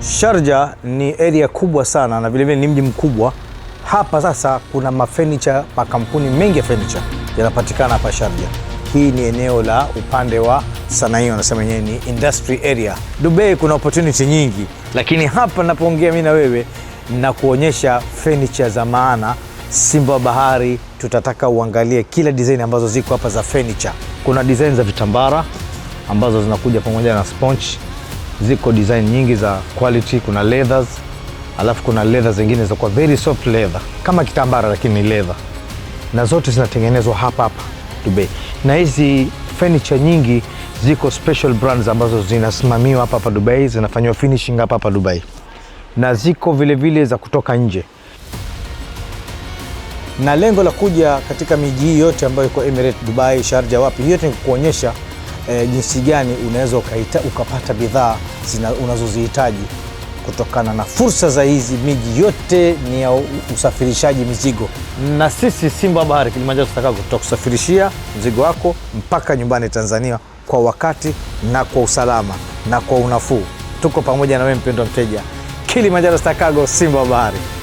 Sharja ni area kubwa sana na vilevile ni mji mkubwa. Hapa sasa kuna mafenicha, makampuni mengi ya fenicha yanapatikana hapa Sharja. Hii ni eneo la upande wa sanaa, hiyo wanasema yenyewe ni industry area. Dubai kuna opportunity nyingi, lakini hapa napoongea mimi na wewe na kuonyesha fenicha za maana, simba wa bahari, tutataka uangalie kila design ambazo ziko hapa za fenicha. Kuna design za vitambara ambazo zinakuja pamoja na sponge ziko design nyingi za quality. Kuna leathers, alafu kuna leather zingine za kwa very soft leather kama kitambara, lakini ni leather, na zote zinatengenezwa hapa hapa Dubai. Na hizi furniture nyingi ziko special brands ambazo zinasimamiwa hapa hapa Dubai, zinafanywa finishing hapa hapa Dubai, na ziko vilevile vile za kutoka nje na lengo la kuja katika miji hii yote ambayo iko Emirate Dubai, Sharjah, wapi, hiyo yote ni kukuonyesha e, jinsi gani unaweza ukapata bidhaa unazozihitaji kutokana na fursa za hizi miji yote ni ya usafirishaji mizigo, na sisi Simba Bahari Kilimanjaro Sakago tutakusafirishia mzigo wako mpaka nyumbani Tanzania kwa wakati na kwa usalama na kwa unafuu. Tuko pamoja na wewe mpendwa mteja. Kilimanjaro stakago Simba Bahari.